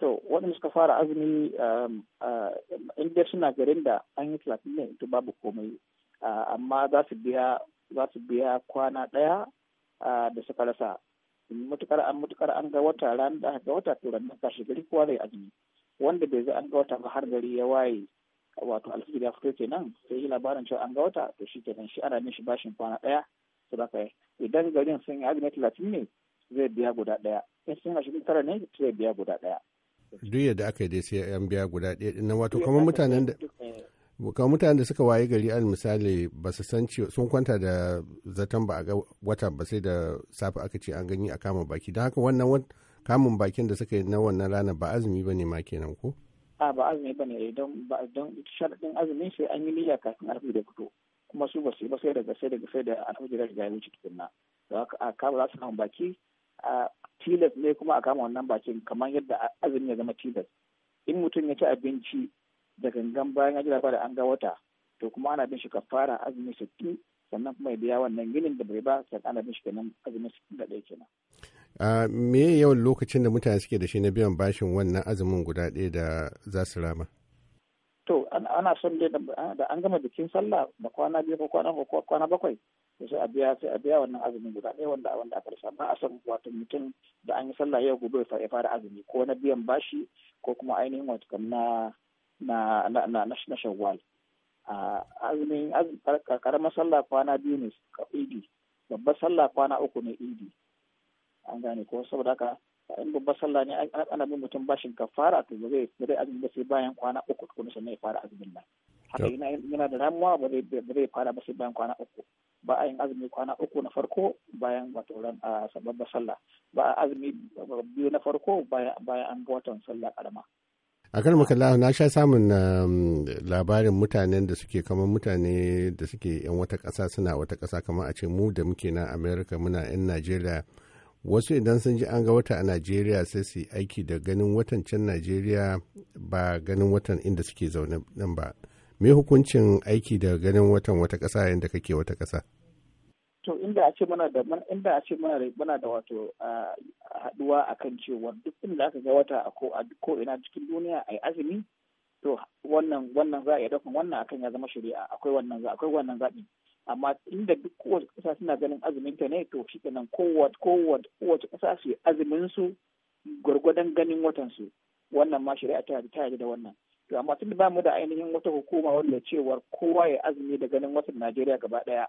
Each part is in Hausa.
to waɗanda suka fara azumi um, in dai suna garin da an yi talatin ne to babu komai amma za su biya za su biya kwana ɗaya da suka rasa mutukar an mutukar an ga wata ran da ga wata to ran ka gari kowa zai azumi wanda bai zai an ga wata ba har gari ya waye wato alfijir ya fito kenan sai yi labarin cewa an ga wata to shi kenan shi ana mishi bashin kwana ɗaya su zaka idan garin sun yi azumi talatin ne zai biya guda ɗaya in sun ashirin tara ne zai biya guda ɗaya duk yadda aka yi dai sai an biya guda ɗaya ɗin nan wato kamar mutanen da kamar mutanen da suka waye gari al misali ba su san cewa sun kwanta da zaton ba a ga wata ba sai da safe aka ce an gani a kama baki don haka wannan kamun bakin da suka yi na wannan rana ba azumi ba ne ma kenan ko a ba azumi ba ne don don sharaɗin azumin sai an yi niyya kafin alfi da fito kuma su ba su yi ba sai daga sai daga sai da alfi da ga yi wuce tukunna don haka a kama za su kama baki tilas ne kuma a kama wannan bakin kamar yadda azumi ya zama tilas in mutum ya ci abinci da gangan bayan ya ji labarin an ga wata to kuma ana bin shi kafara azumi sittin sannan kuma ya biya wannan ginin da bai ba sannan ana bin shi kenan azumi sittin da ɗaya kenan. a me yawan lokacin da mutane suke da shi na biyan bashin wannan azumin guda ɗaya da za su rama? To, ana son dai da an gama bikin sallah da kwana biyu ko kwana ko kwana bakwai sai a biya sai a biya wannan azumin guda ɗaya wanda wanda a rasa ba a son wato mutum da an yi sallah yau gobe ya fara azumi ko na biyan bashi ko kuma ainihin wato kan na na na na, na shawwal azumin karamar sallah kwana biyu ne ka idi babbar sallah kwana uku ne idi an gane ko saboda haka in babbar sallah ne ana bin mutum bashin fara to ba zai zai azumi ba sai bayan kwana uku tukuna sannan ya fara azumin nan haka yana da ramuwa ba zai fara ba sai bayan kwana uku ba a yin azumi kwana uku na farko bayan wato a ah, sababba sallah ba a azumi biyu na farko bayan an watan sallah karama a kan makalla na sha samun um, labarin mutanen da suke kamar mutane da suke yan wata kasa suna wata kasa kamar a ce mu da muke na america muna yan najeriya wasu idan sun ji an ga wata a najeriya sai su aiki da ganin watan can najeriya ba ganin watan inda suke zaune nan ba me hukuncin aiki da ganin watan wata ƙasa yadda kake wata kasa. to inda a ce muna da inda a ce muna da muna da wato haduwa akan cewa duk inda aka ga wata a ko a ko ina cikin duniya ai azumi to wannan wannan za a iya daukan wannan akan ya zama shari'a akwai wannan za akwai wannan zabi amma inda duk kowace kasa suna ganin azumin ta ne to shi kenan kowace kowace kowace kasa su azumin su gwargwadon ganin watan su wannan ma shari'a ta ta yi da wannan to amma tun da bamu da ainihin wata hukuma wanda cewar kowa ya azumi da ganin watan Najeriya gaba ɗaya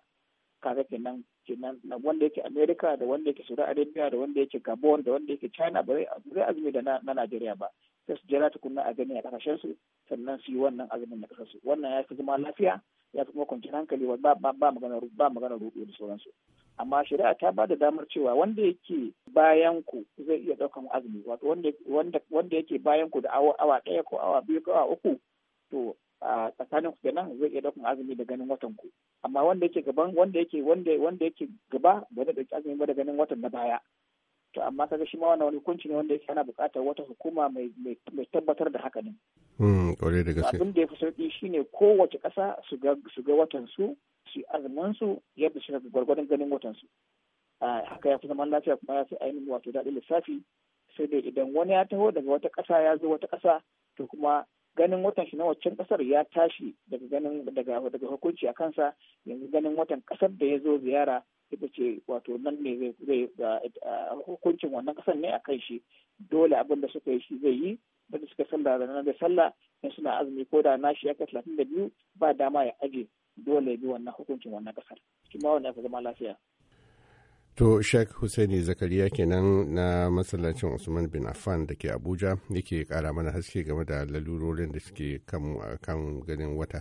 kaga kenan kenan wanda yake America da wanda yake Saudi Arabia da wanda yake Gabon da wanda yake China ba zai azumi da na Najeriya ba sai su jira tukunna a gani a kasashen su sannan su yi wannan azumin na kasar su wannan ya fi zama lafiya ya fi kuma kwanciyar hankali ba ba magana ba magana rudu da sauransu amma shari'a ta ba da damar cewa wanda yake bayan ku zai iya daukan azumi wato wanda wanda yake bayan ku da awa awa ɗaya ko awa biyu ko awa uku to a tsakanin ku kenan zai iya daukan azumi da ganin watan ku amma wanda yake gaban wanda yake wanda wanda yake gaba ba zai dauki azumi ba da ganin watan na baya to amma kaga shi ma wannan wani hukunci ne wanda yake ana buƙatar wata hukuma mai mai tabbatar da haka ne mm kore da gaske abin da yafi sauki shine kowace ƙasa su ga su ga watan su su azumin su yadda suka ga gwargwadon ganin watan su haka ya fi zaman lafiya kuma ya fi ainihin wato daɗin lissafi sai dai idan wani ya taho daga wata ƙasa ya zo wata ƙasa to kuma ganin watan shi na waccan kasar ya tashi daga ganin daga daga hukunci a kansa yanzu ganin watan kasar da ya zo ziyara ita ce wato nan ne zai hukuncin wannan kasar ne a kan shi dole abin da suka yi shi zai yi da suka sallah ranar da sallah in suna azumi ko da nashi ya kai talatin da biyu ba dama ya aje dole ya bi wannan hukuncin wannan kasar kuma wannan ya zama lafiya. To Sheikh Hussaini Zakariya kenan na masallacin Usman bin Affan da ke Abuja yake kara mana haske game da lalurorin da suke kanmu a kan ganin wata.